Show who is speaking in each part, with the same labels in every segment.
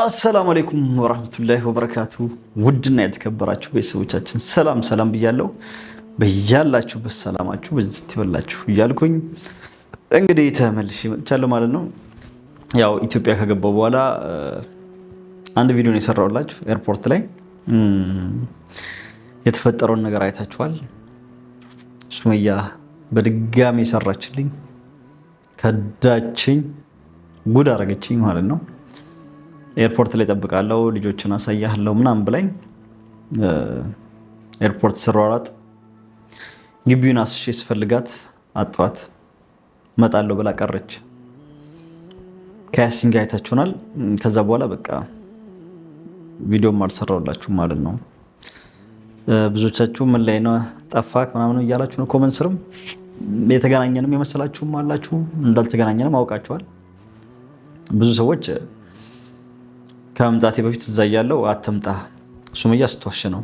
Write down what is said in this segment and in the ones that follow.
Speaker 1: አሰላሙ አሌይኩም ወራህመቱላሂ ወበረካቱ። ውድና የተከበራችሁ ቤተሰቦቻችን ሰላም ሰላም ብያለሁ። በያላችሁበት ሰላማችሁ በዚህ ይበላችሁ እያልኩኝ እንግዲህ ተመልሼ መጥቻለሁ ማለት ነው። ያው ኢትዮጵያ ከገባሁ በኋላ አንድ ቪዲዮን የሰራሁላችሁ ኤርፖርት ላይ የተፈጠረውን ነገር አይታችኋል። ሱመያ በድጋሚ ሰራችልኝ፣ ከዳችኝ፣ ጉድ አረገችኝ ማለት ነው። ኤርፖርት ላይ ጠብቃለው ልጆችን አሳያለው ምናምን ብላኝ ኤርፖርት ስሯራጥ ግቢውን አስሼ ስፈልጋት አጠዋት መጣለው ብላ ቀረች። ከያሲን ጋር አይታችሁናል። ከዛ በኋላ በቃ ቪዲዮም አልሰራውላችሁም ማለት ነው። ብዙዎቻችሁ ምን ላይ ነው ጠፋክ ምናምን እያላችሁ ነው። ኮመንት ስርም የተገናኘንም የመሰላችሁም አላችሁ። እንዳልተገናኘንም አውቃችኋል ብዙ ሰዎች ከመምጣቴ በፊት እዛ እያለሁ አትምጣ ሱመያ ስትዋሽ ነው።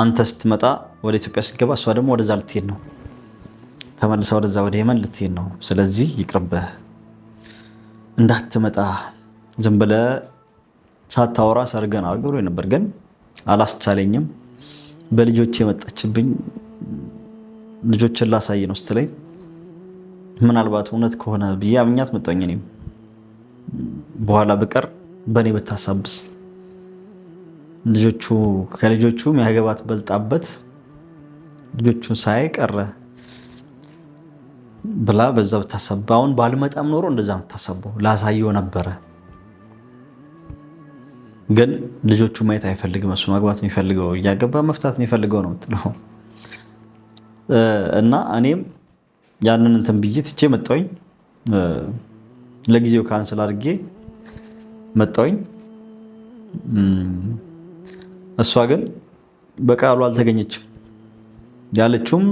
Speaker 1: አንተ ስትመጣ ወደ ኢትዮጵያ ስትገባ፣ እሷ ደግሞ ወደዛ ልትሄድ ነው። ተመልሳ ወደዛ ወደ የመን ልትሄድ ነው። ስለዚህ ይቅርብህ፣ እንዳትመጣ ዝም ብለህ ሳታወራ ሰርገን አድርግ ነበር፣ ግን አላስቻለኝም። በልጆች የመጣችብኝ ልጆችን ላሳይ ነው ስትለኝ ምናልባት እውነት ከሆነ ብዬ አምኛት መጣኝ። እኔም በኋላ ብቀር በእኔ ብታሳብስ ልጆቹ ከልጆቹ የሚያገባት በልጣበት ልጆቹን ሳይ ቀረ ብላ በዛ ብታሰብ አሁን ባልመጣም ኖሮ እንደዛ ብታሳበው ላሳየው ነበረ። ግን ልጆቹ ማየት አይፈልግም። እሱ ማግባት የሚፈልገው እያገባ መፍታት የሚፈልገው ነው ምትለው እና እኔም ያንን እንትን ብይት ትቼ መጣሁኝ። ለጊዜው ካንስል አድርጌ መጣውኝ እሷ ግን በቃሉ አልተገኘችም። ያለችውም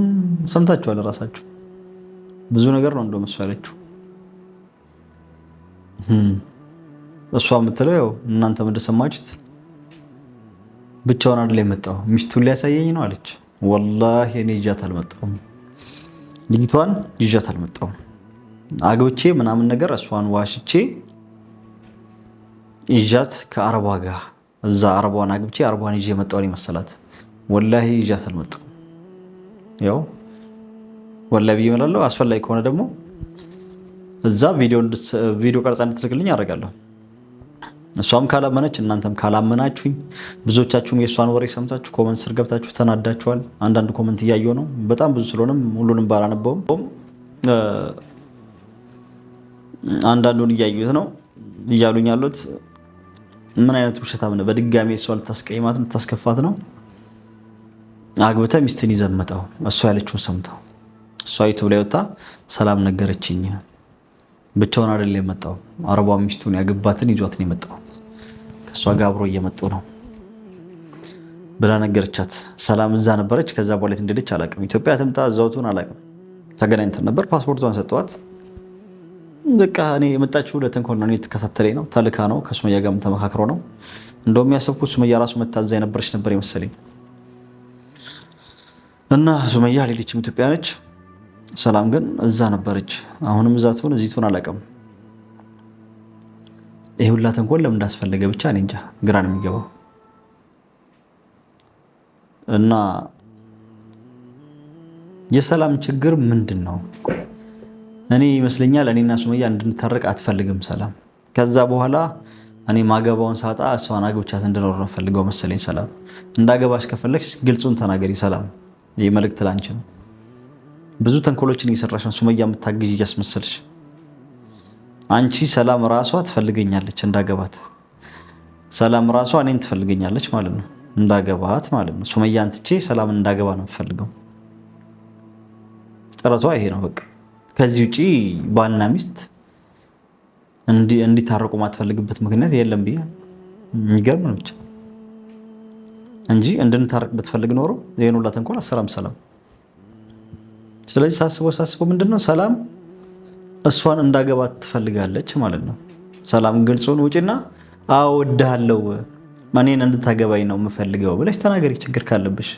Speaker 1: ሰምታችኋል እራሳችሁ ብዙ ነገር ነው እንደውም እሷ ያለችው። እሷ የምትለው ያው እናንተም እንደሰማችሁት ብቻውን አንድ ላይ ሚስቱን ሊያሳየኝ ነው አለች። ወላሂ እኔ ይዣት አልመጣሁም፣ ልጅቷን ይዣት አልመጣሁም። አግብቼ ምናምን ነገር እሷን ዋሽቼ ይዣት ከአረቧ ጋር እዛ አረቧን አግብቼ አረቧን ይዤ የመጣውን መሰላት። ወላሂ ይዣት አልመጣሁም። ያው ወላሂ ብዬ እመላለሁ። አስፈላጊ ከሆነ ደግሞ እዛ ቪዲዮ ቀርጻ እንድትልክልኝ አደርጋለሁ። እሷም ካላመነች እናንተም ካላመናችሁኝ፣ ብዙዎቻችሁም የእሷን ወሬ ሰምታችሁ ኮመንት ስር ገብታችሁ ተናዳችኋል። አንዳንድ ኮመንት እያየሁ ነው። በጣም ብዙ ስለሆነም ሁሉንም ባላነበውም አንዳንዱን እያዩት ነው እያሉኝ ያሉት ምን አይነት ውሸታም ነው? በድጋሚ እሷ ልታስቀይማት ልታስከፋት ነው። አግብተ ሚስትን ይዘመጣው እሷ ያለችውን ሰምተው እሷ ዩቱብ ላይ ወጣ ሰላም ነገረችኝ። ብቻውን አይደል የመጣው አረቧ ሚስቱን ያገባትን ይዟትን ነው የመጣው ከእሷ ጋር አብሮ እየመጡ ነው ብላ ነገረቻት። ሰላም እዛ ነበረች። ከዛ በኋላ እንደሄደች አላቅም ኢትዮጵያ ትምጣ እዛው ትሁን ተገናኝተን ነበር። ፓስፖርቷን ሰጠዋት። በቃ እኔ የመጣችሁ ሁለት እንኳን ነው የተከታተለኝ ነው ተልካ ነው ከሱመያ ጋርም ተመካክሮ ነው። እንደውም ያሰብኩት ሱመያ ራሱ መታዛ የነበረች ነበር የመሰለኝ። እና ሱመያ ሌሎችም ኢትዮጵያ ነች። ሰላም ግን እዛ ነበረች። አሁንም እዛ ትሆን እዚህ ትሆን አላውቅም። ይህ ሁላ ተንኮል ለምን እንዳስፈለገ ብቻ እኔ እንጃ ግራ ነው የሚገባው። እና የሰላም ችግር ምንድን ነው? እኔ ይመስለኛል እኔና ሱመያ እንድንታረቅ አትፈልግም ሰላም። ከዛ በኋላ እኔ ማገባውን ሳጣ እሷን አግብቻት እንድኖር ነው ፈልገው መሰለኝ ሰላም። እንዳገባሽ ከፈለግሽ ግልጹን ተናገሪ ሰላም። ይህ መልእክት ላንቺ ነው። ብዙ ተንኮሎችን እየሰራሽ ነው ሱመያ፣ የምታግዥ እያስመሰልሽ አንቺ። ሰላም ራሷ ትፈልገኛለች እንዳገባት። ሰላም ራሷ እኔን ትፈልገኛለች ማለት ነው እንዳገባት ማለት ነው። ሱመያን ትቼ ሰላምን እንዳገባ ነው የምትፈልገው። ጥረቷ ይሄ ነው በቃ ከዚህ ውጭ ባልና ሚስት እንዲታረቁ ማትፈልግበት ምክንያት የለም ብያ የሚገርም ነው ብቻ እንጂ እንድንታረቅ ብትፈልግ ኖሮ ይህን ሁላ ተንኮል አሰላም ሰላም። ስለዚህ ሳስበው ሳስበው ምንድነው ሰላም እሷን እንዳገባት ትፈልጋለች ማለት ነው። ሰላም ግልጹን ውጭና አወድሃለሁ እኔን እንድታገባኝ ነው የምፈልገው ብለሽ ተናገሪ ችግር ካለብሽ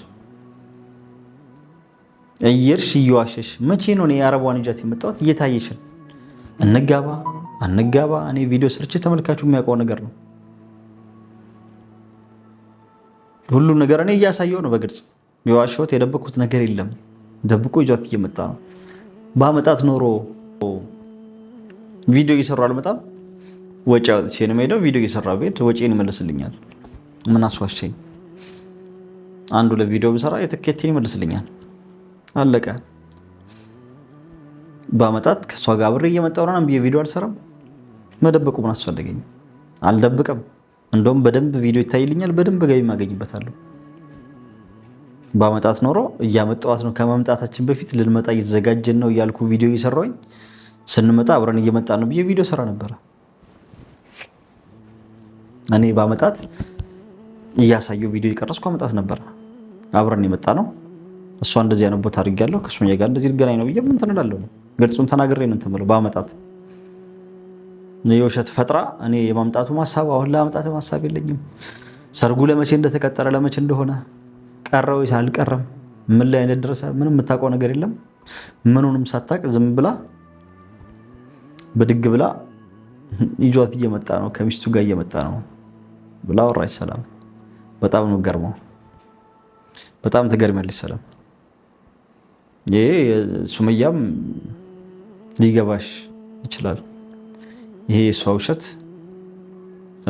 Speaker 1: እየርሽ እየዋሸሽ መቼ ነው የአረቧን ንጃት የመጣሁት? እየታየሽን እንጋባ አንጋባ እኔ ቪዲዮ ስርች ተመልካቹ የሚያውቀው ነገር ነው። ሁሉም ነገር እኔ እያሳየው ነው በግልጽ የዋሸሁት የደበቅኩት ነገር የለም። ደብቆ ይዟት እየመጣ ነው። በአመጣት ኖሮ ቪዲዮ እየሰራ አልመጣም። ወጪ አውጥቼ ነው የምሄደው። ቪዲዮ እየሰራ ብሄድ ወጪን ይመልስልኛል። ምን አስዋሸኝ? አንዱ ለቪዲዮ ብሰራ የትኬቴን ይመልስልኛል። አለቀ። በአመጣት ከእሷ ጋር አብሬ እየመጣሁ ምናምን ብዬ ቪዲዮ አልሰራም። መደበቁ ምን አስፈለገኝ? አልደብቅም። እንደውም በደንብ ቪዲዮ ይታይልኛል፣ በደንብ ገቢ ማገኝበታለሁ። በአመጣት ኖሮ እያመጣኋት ነው። ከመምጣታችን በፊት ልንመጣ እየተዘጋጀን ነው እያልኩ ቪዲዮ እየሰራሁኝ ስንመጣ አብረን እየመጣ ነው ብዬ ቪዲዮ ስራ ነበረ። እኔ በአመጣት እያሳየው ቪዲዮ የቀረስኩ አመጣት ነበረ። አብረን የመጣ ነው እሷ እንደዚህ አይነት ቦታ አድርጌያለሁ ከሱመያ ጋር እንደዚህ ልገናኝ ነው ብዬ ምን ትንላለሁ? ግልጹን ተናግሬ ነው እንትን ብለው በአመጣት የውሸት ፈጥራ እኔ የማምጣቱ ማሳብ አሁን ለማምጣት ማሳብ የለኝም። ሰርጉ ለመቼ እንደተቀጠረ ለመቼ እንደሆነ ቀረ ወይስ አልቀረም፣ ምን ላይ እንደደረሰ ምንም የምታውቀው ነገር የለም። ምኑንም ሳታቅ ዝም ብላ ብድግ ብላ ይዟት እየመጣ ነው ከሚስቱ ጋር እየመጣ ነው ብላ ወራች። ሰላም በጣም ነው ገርመው። በጣም ትገርሚያለች ሰላም። ይሄ ሱመያም ሊገባሽ ይችላል። ይሄ የእሷ ውሸት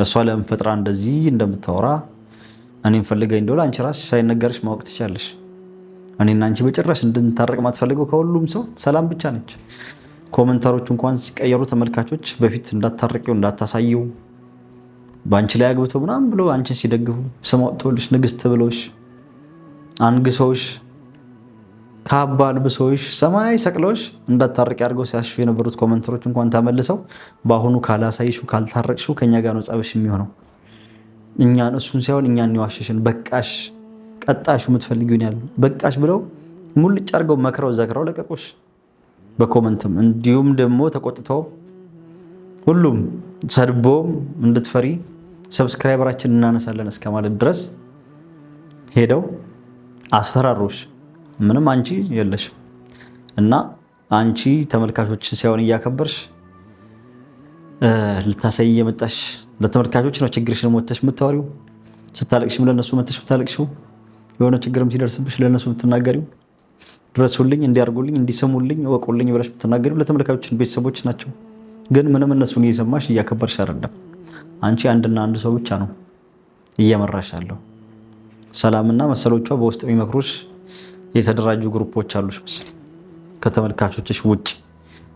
Speaker 1: እሷ ለምን ፈጥራ እንደዚህ እንደምታወራ እኔ ፈልገኝ እንደሆነ አንቺ ራስሽ ሳይነገርሽ ማወቅ ትቻለሽ። እኔና አንቺ በጭራሽ እንድንታረቅ ማትፈልገው ከሁሉም ሰው ሰላም ብቻ ነች። ኮመንታሮች እንኳን ሲቀየሩ ተመልካቾች በፊት እንዳታረቂው እንዳታሳየው በአንቺ ላይ አግብተው ምናምን ብሎ አንቺን ሲደግፉ ስም አውጥተውልሽ ንግስት ብለውሽ አንግሰውሽ ካባ ልብሶች ሰማይ ሰቅሎች እንዳታርቅ አድርገው ሲያሽፉ የነበሩት ኮመንተሮች እንኳን ተመልሰው በአሁኑ ካላሳይሹ ካልታረቅሹ ከእኛ ጋር ነው ጸብሽ የሚሆነው። እኛን እሱን ሳይሆን እኛን የዋሸሽን በቃሽ፣ ቀጣሹ የምትፈልጊውን ያለ በቃሽ ብለው ሙልጭ አድርገው መክረው ዘክረው ለቀቁሽ። በኮመንትም እንዲሁም ደግሞ ተቆጥቶ ሁሉም ሰድቦም እንድትፈሪ ሰብስክራይበራችን እናነሳለን እስከማለት ድረስ ሄደው አስፈራሮሽ። ምንም አንቺ የለሽም እና አንቺ ተመልካቾችን ሳይሆን እያከበርሽ ልታሳይ እየመጣሽ ለተመልካቾች ነው ችግርሽን ሞተሽ የምታወሪው። ስታለቅሽም ለነሱ መተሽ የምታለቅሽው፣ የሆነ ችግርም ሲደርስብሽ ለነሱ የምትናገሪው ድረሱልኝ፣ እንዲያርጉልኝ፣ እንዲሰሙልኝ፣ እወቁልኝ ብለሽ የምትናገሪው ለተመልካቾች ቤተሰቦች ናቸው። ግን ምንም እነሱን እየሰማሽ እያከበርሽ አይደለም። አንቺ አንድና አንድ ሰው ብቻ ነው እየመራሽ ያለው። ሰላምና መሰሎቿ በውስጥ የሚመክሩሽ የተደራጁ ግሩፖች አሉሽ መሰለኝ ከተመልካቾችሽ ውጭ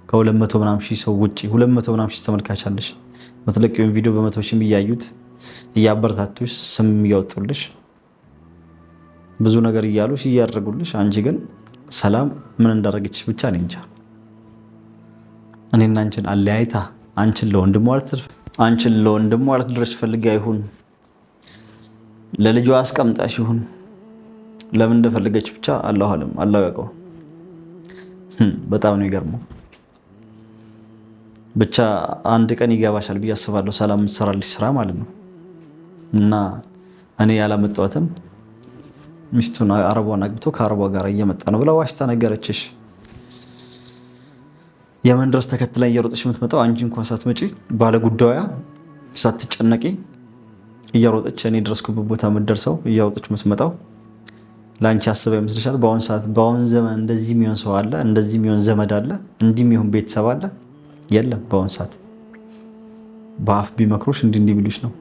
Speaker 1: ከሁለት መቶ ምናምን ሺህ ሰው ውጭ ሁለት መቶ ምናምን ሺህ ተመልካች አለሽ። የምትለቂውን ቪዲዮ በመቶ ሺህ እያዩት እያበረታቱሽ ስም እያወጡልሽ ብዙ ነገር እያሉሽ እያደረጉልሽ፣ አንቺ ግን ሰላም ምን እንዳደረገችሽ ብቻ እኔ እንጃ። እኔና አንቺን አለያይታ አንቺን ለወንድሟ አንቺን ለወንድሟ ልትደርሽ ፈልጋ ይሁን ለልጇ አስቀምጣሽ ይሁን ለምን እንደፈለገች ብቻ አላሁ አለም አላሁ ያውቀው። በጣም ነው ይገርመው። ብቻ አንድ ቀን ይገባሻል ብዬ አስባለሁ። ሰላም የምትሰራልሽ ስራ ማለት ነው። እና እኔ ያላመጣኋትን ሚስቱን አረቧን አግብቶ ከአረቧ ጋር እየመጣ ነው ብላ ዋሽታ ነገረችሽ። የመን ድረስ ተከትላ እየሮጠች የምትመጣው አንቺ እንኳን ሳትመጪ ባለጉዳዩ ሳትጨነቂ እየሮጠች እኔ ድረስኩበት ቦታ የምትደርሰው እየሮጠች የምትመጣው ለአንቺ አስበው ይመስልሻል? በአሁኑ ሰዓት በአሁኑ ዘመን እንደዚህ የሚሆን ሰው አለ? እንደዚህ የሚሆን ዘመድ አለ? እንዲህ የሚሆን ቤተሰብ አለ? የለም። በአሁኑ ሰዓት በአፍ ቢመክሮች እንዲህ እንዲህ ቢሉሽ ነው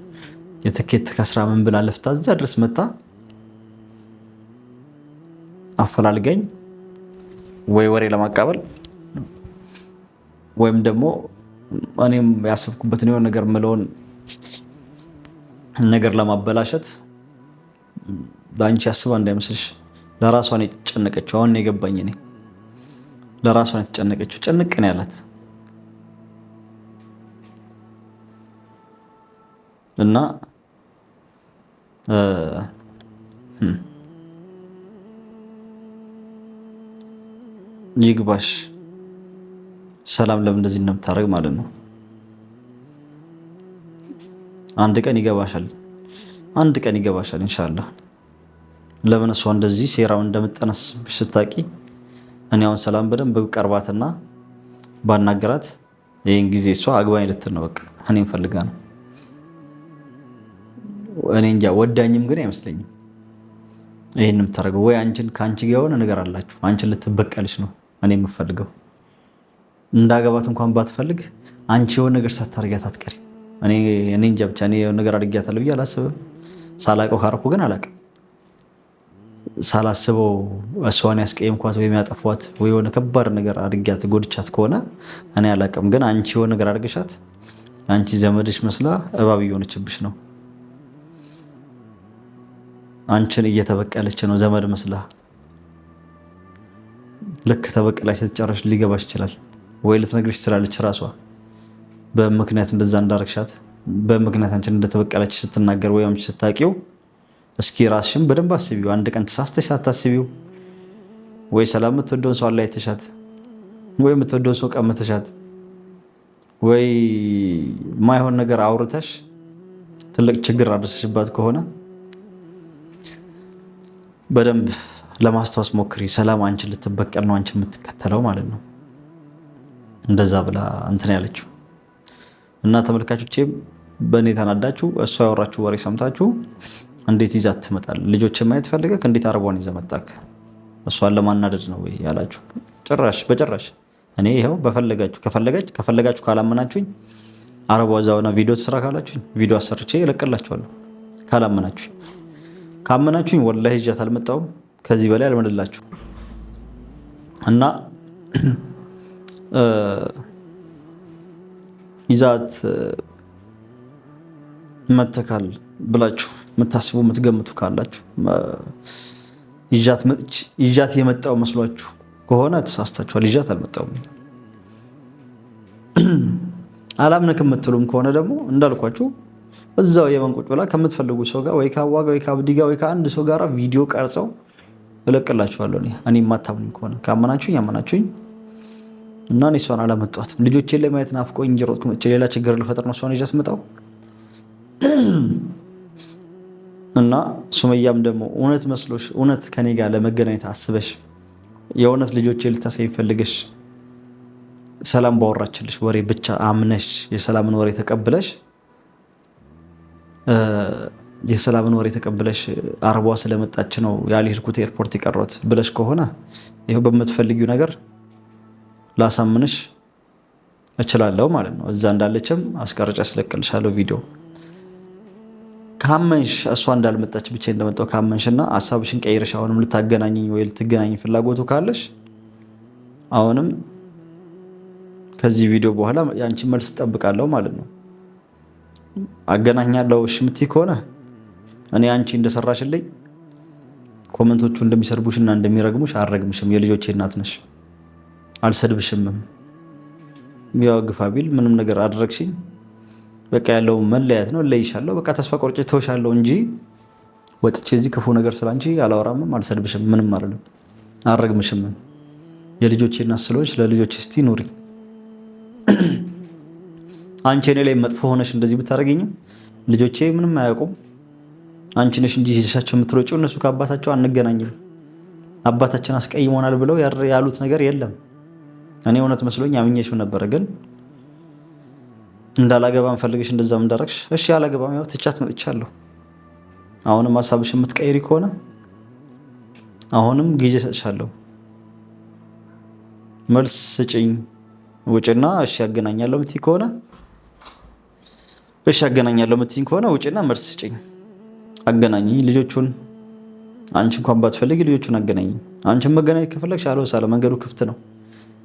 Speaker 1: የትኬት ከስራ ምን ብላ ለፍታ እዛ ድረስ መታ አፈላልገኝ ወይ ወሬ ለማቃበል ወይም ደግሞ እኔም ያሰብኩበትን የሆነ ነገር ምለውን ነገር ለማበላሸት በአንቺ አስባ እንዳይመስልሽ ለራሷን የተጨነቀችው አሁን የገባኝ እኔ ለራሷን የተጨነቀችው ጭንቅ ነው ያላት እና ይግባሽ ሰላም ለምን እንደዚህ እንደምታደርግ ማለት ነው። አንድ ቀን ይገባሻል፣ አንድ ቀን ይገባሻል ኢንሻላህ። ለምን እሷ እንደዚህ ሴራውን እንደምጠነስብሽ ስታቂ እኔ አሁን ሰላም በደንብ ቀርባትና ባናገራት ይህን ጊዜ እሷ አግባኝ ልትል ነው። በቃ እኔም ፈልጋ ነው። እኔ እንጃ ወዳኝም ግን አይመስለኝም ይህን የምታደርገው ወይ አንቺን ከአንቺ ጋር የሆነ ነገር አላችሁ፣ አንቺን ልትበቀልሽ ነው። እኔ የምፈልገው እንዳገባት እንኳን ባትፈልግ አንቺ የሆነ ነገር ሳታደርጊያት አትቀሪም። እኔ እንጃ ብቻ እኔ የሆነ ነገር አድርጊያታለሁ ብዬ አላስብም። ሳላውቀው ካረኩ ግን አላውቅም ሳላስበው እሷን ያስቀየምኳት ወይም ያጠፏት ወይ የሆነ ከባድ ነገር አድርጊያት ጎድቻት ከሆነ እኔ አላውቅም። ግን አንቺ የሆነ ነገር አድርገሻት አንቺ ዘመድሽ መስላ እባብ እየሆነችብሽ ነው። አንቺን እየተበቀለች ነው ዘመድ መስላ። ልክ ተበቀላች ስትጨረሽ ሊገባሽ ይችላል ወይ ልትነግርሽ ትችላለች ራሷ በምክንያት እንደዛ እንዳረግሻት በምክንያት አንቺን እንደተበቀለች ስትናገር ወይም ስታቂው እስኪ ራስሽን በደንብ አስቢው። አንድ ቀን ተሳስተሽ ሳታስቢው ወይ ሰላም የምትወደውን ሰው አላይተሻት፣ ወይ የምትወደውን ሰው ቀምተሻት፣ ወይ ማይሆን ነገር አውርተሽ ትልቅ ችግር አደረሰሽባት ከሆነ በደንብ ለማስታወስ ሞክሪ። ሰላም አንቺ ልትበቀል ነው አንቺ የምትከተለው ማለት ነው። እንደዛ ብላ እንትን ያለችው እና ተመልካቾቼም በእኔ ተናዳችሁ እሷ ያወራችሁ ወሬ ሰምታችሁ እንዴት ይዛት ትመጣል? ልጆች ማየት ፈልገህ እንዴት አርቧን ይዘህ መጣህ? እሷን ለማናደድ ነው ወይ ያላችሁ? ጭራሽ በጭራሽ። እኔ ይኸው በፈለጋችሁ ከፈለጋችሁ ከፈለጋችሁ ካላመናችሁኝ አረቧ እዛውና ቪዲዮ ትስራ ካላችሁኝ ቪዲዮ አሰርቼ እለቅላችኋለሁ። ካላመናችሁኝ ካመናችሁኝ ወላሂ ይዣት አልመጣሁም። ከዚህ በላይ አልመልላችሁ እና ይዛት መተካል ብላችሁ የምታስቡ የምትገምቱ ካላችሁ ይዣት የመጣው መስሏችሁ ከሆነ ተሳስታችኋል። ይዣት አልመጣውም። አላምንክ የምትሉም ከሆነ ደግሞ እንዳልኳችሁ እዛው የመን ቁጭ ብላ ከምትፈልጉ ሰው ጋር ወይ ከአዋ ጋር ወይ ከአብዲ ጋር ወይ ከአንድ ሰው ጋር ቪዲዮ ቀርጸው እለቅላችኋለሁ። እኔ እኔ የማታምኑኝ ከሆነ ካመናችሁኝ ያመናችሁኝ እና እኔ እሷን አላመጧትም። ልጆቼን ለማየት ናፍቆኝ እንጀሮጥኩ መጥቼ ሌላ ችግር ልፈጥር ነው እሷን ይዣት መጣው እና ሱመያም ደግሞ እውነት መስሎሽ እውነት ከኔ ጋር ለመገናኘት አስበሽ የእውነት ልጆቼ ልታሳይ ፈልገሽ ሰላም ባወራችልሽ ወሬ ብቻ አምነሽ የሰላምን ወሬ ተቀብለሽ የሰላምን ወሬ ተቀብለሽ አረቧ ስለመጣች ነው ያልሄድኩት ኤርፖርት የቀረሁት ብለሽ ከሆነ ይኸው በምትፈልጊው ነገር ላሳምንሽ እችላለሁ ማለት ነው። እዛ እንዳለችም አስቀርጬ አስለቅልሻለሁ ቪዲዮ ካመንሽ እሷ እንዳልመጣች ብቻ እንደመጣው ካመንሽና ሀሳብሽን ቀይረሽ አሁንም ልታገናኝኝ ወይ ልትገናኝ ፍላጎቱ ካለሽ አሁንም ከዚህ ቪዲዮ በኋላ የአንቺ መልስ እጠብቃለሁ ማለት ነው። አገናኛለሁ እሺ የምትይ ከሆነ እኔ አንቺ እንደሰራሽልኝ ኮመንቶቹ እንደሚሰርቡሽና እንደሚረግሙሽ አልረግምሽም። የልጆቼ እናት ነሽ፣ አልሰድብሽምም። ያው ግፋ ቢል ምንም ነገር አድረግሽኝ በቃ ያለው መለያት ነው። እለይሻለሁ፣ በቃ ተስፋ ቆርጬ ተውሻለሁ እንጂ ወጥቼ እዚህ ክፉ ነገር ስላንቺ አላወራምም፣ አልሰድብሽም፣ ምንም አይደለም፣ አረግምሽም። የልጆቼ እናት ስለሆንሽ ለልጆቼ እስቲ ኑሪ። አንቺ እኔ ላይ መጥፎ ሆነሽ እንደዚህ ብታደርገኝም ልጆቼ ምንም አያውቁም። አንቺ ነሽ እንጂ ይዘሻቸው የምትሮጪው። እነሱ ከአባታቸው አንገናኝም፣ አባታችን አስቀይሞናል ብለው ያሉት ነገር የለም። እኔ እውነት መስሎኝ አምኜሽም ነበረ ግን እንዳላገባም ፈልገሽ እንደዛም እንዳረግሽ እሺ፣ ያላገባም ያው ትቻት መጥቻለሁ። አሁንም ሀሳብሽ የምትቀይሪ ከሆነ አሁንም ጊዜ ሰጥሻለሁ። መልስ ስጭኝ ውጭና እሺ ያገናኛለሁ የምትይኝ ከሆነ እሺ ያገናኛለሁ የምትይኝ ከሆነ ውጭና መልስ ስጭኝ። አገናኝ ልጆቹን። አንቺ እንኳን ባትፈልጊ ልጆቹን አገናኝ። አንቺን መገናኘት ከፈለግሽ አለ መንገዱ ክፍት ነው።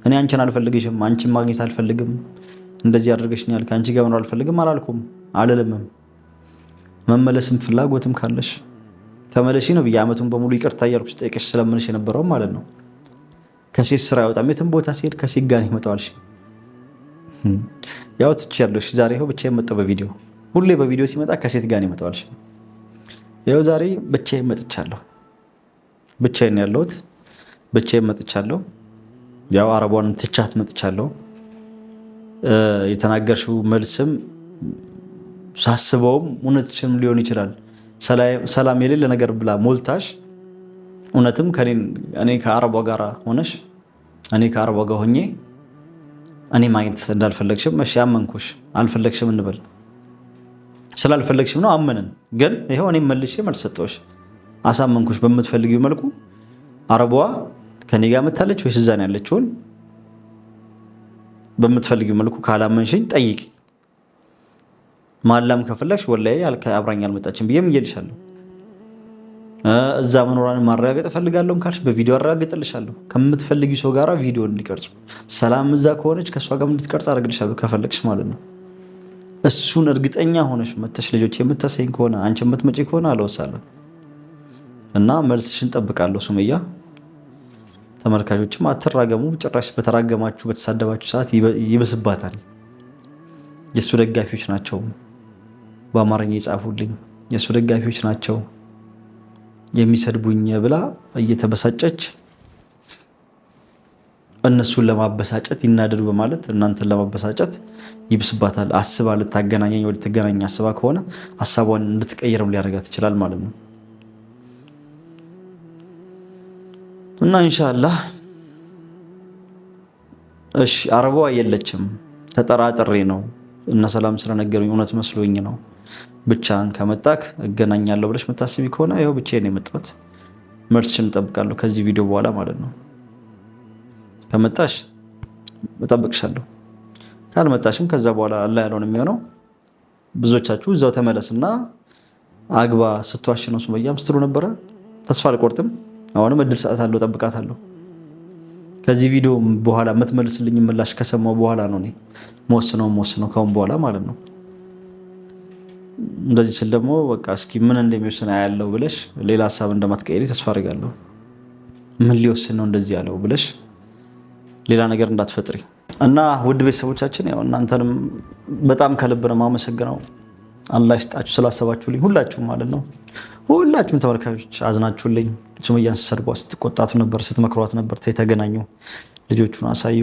Speaker 1: እኔ አንቺን አልፈልግሽም፣ አንቺን ማግኘት አልፈልግም እንደዚህ አድርገሽኛል፣ ከአንቺ ጋር መኖር አልፈልግም አላልኩም፣ አልልምም። መመለስም ፍላጎትም ካለሽ ተመለሺ ነው ብዬ አመቱን በሙሉ ይቅርታ እያልኩ ስጠይቅሽ ስለምንሽ የነበረውም ማለት ነው። ከሴት ስራ ያወጣም የትም ቦታ ሲሄድ ከሴት ጋር ይመጣዋልሽ። ያው ያለሽ ዛሬ ይኸው ብቻ መጣሁ በቪዲዮ ሁሌ በቪዲዮ ሲመጣ ከሴት ጋር ይመጣዋልሽ። ያው ዛሬ ብቻ ይመጥቻለሁ ብቻዬን ያለሁት ብቻ ይመጥቻለሁ ያው አረቧን ትቻት መጥቻለሁ። የተናገርሽው መልስም ሳስበውም እውነትሽንም ሊሆን ይችላል። ሰላም የሌለ ነገር ብላ ሞልታሽ እውነትም እኔ ከአረቧ ጋር ሆነሽ እኔ ከአረቧ ጋር ሆኜ እኔ ማግኘት እንዳልፈለግሽም እሺ አመንኩሽ። አልፈለግሽም እንበል ስላልፈለግሽም ነው አመንን። ግን ይኸው እኔም መልሼ መልስ ሰጠሁሽ፣ አሳመንኩሽ በምትፈልጊው መልኩ አረቧ ከኔ ጋር መታለች ወይስ እዛ ነው ያለችውን በምትፈልግ መልኩ ካላመንሽኝ ጠይቂ። ማላም ከፈለግሽ ወላሂ አብራኝ አልመጣችም ብዬም እየልሻለሁ። እዛ መኖሯን ማረጋገጥ እፈልጋለሁም ካልሽ በቪዲዮ አረጋግጥልሻለሁ። ከምትፈልጊ ሰው ጋር ቪዲዮ እንዲቀርጹ፣ ሰላም እዛ ከሆነች ከእሷ ጋር እንድትቀርጽ አደርግልሻለሁ ከፈለግሽ ማለት ነው። እሱን እርግጠኛ ሆነሽ መተሽ ልጆች የምታሰኝ ከሆነ አንቺ የምትመጪ ከሆነ አለወሳለን እና መልስሽን ጠብቃለሁ ሱምያ ተመልካቾችም አትራገሙ፣ ጭራሽ በተራገማችሁ በተሳደባችሁ ሰዓት ይበስባታል። የእሱ ደጋፊዎች ናቸው በአማርኛ የጻፉልኝ የእሱ ደጋፊዎች ናቸው የሚሰድቡኝ ብላ እየተበሳጨች እነሱን ለማበሳጨት ይናደዱ በማለት እናንተን ለማበሳጨት ይብስባታል። አስባ ልታገናኘኝ ወደ አስባ ከሆነ ሀሳቧን እንድትቀይርም ሊያደርጋት ይችላል ማለት ነው። እና ኢንሻአላህ እሺ፣ አረቧ የለችም ተጠራጥሬ ነው እነ ሰላም ስለነገሩኝ እውነት መስሎኝ ነው። ብቻን ከመጣክ እገናኛለሁ ብለሽ መታሰቢ ከሆነ ይኸው ብቻዬን የመጣሁት መልስሽን እጠብቃለሁ ከዚህ ቪዲዮ በኋላ ማለት ነው። ከመጣሽ እጠብቅሻለሁ፣ ካልመጣሽም ከዛ በኋላ አላ ያለውን የሚሆነው ብዙዎቻችሁ እዛው ተመለስና አግባ ስትዋሽ ነው ሱመያም ስትሉ ነበረ። ተስፋ አልቆርጥም። አሁንም እድል ሰጣታለሁ፣ ጠብቃታለሁ። ከዚህ ቪዲዮ በኋላ የምትመልስልኝ ምላሽ ከሰማው በኋላ ነው እኔ መወስነው መወስነው ካሁን በኋላ ማለት ነው። እንደዚህ ስል ደግሞ በቃ እስኪ ምን እንደሚወስን ያለው ብለሽ ሌላ ሀሳብ እንደማትቀይሪ ተስፋ አድርጋለሁ። ምን ሊወስን ነው እንደዚህ ያለው ብለሽ ሌላ ነገር እንዳትፈጥሪ እና ውድ ቤተሰቦቻችን ያው እናንተንም በጣም ከልብ ነው የማመሰግነው። አላህ ይስጣችሁ ስላሰባችሁልኝ ሁላችሁም ማለት ነው። ሁላችሁም ተመልካቾች አዝናችሁልኝ። ሱመያን ስትሰድቧ ስትቆጣቱ ነበር፣ ስትመክሯት ነበር። የተገናኙ ልጆቹን አሳዩ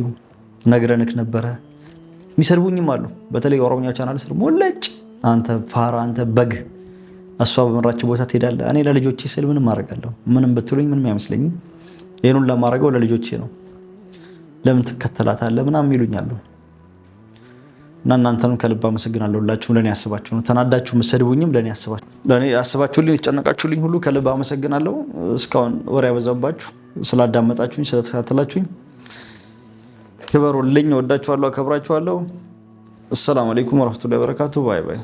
Speaker 1: ነግረንክ ነበረ። የሚሰድቡኝም አሉ። በተለይ ኦሮምኛ ቻናል ስር ሞለጭ፣ አንተ ፋራ፣ አንተ በግ፣ እሷ በመራቸው ቦታ ትሄዳለ እኔ ለልጆቼ ስል ምንም አደርጋለሁ። ምንም ብትሉኝ ምንም አይመስለኝም። ይህኑን ለማድረገው ለልጆቼ ነው። ለምን ትከተላታለ ምናምን ይሉኛሉ። እና እናንተንም ከልብ አመሰግናለሁ። ሁላችሁም ለእኔ ያስባችሁ ነው። ተናዳችሁ መሰድቡኝም ለእኔ ያስባችሁ ለእኔ ያስባችሁልኝ የተጨነቃችሁልኝ ሁሉ ከልብ አመሰግናለሁ። እስካሁን ወሬ ያበዛባችሁ ስላዳመጣችሁኝ፣ ስለተከታተላችሁኝ ክበሩልኝ። ወዳችኋለሁ፣ አከብራችኋለሁ። አሰላሙ አለይኩም ወረህመቱላሂ ወበረካቱ። ባይ ባይ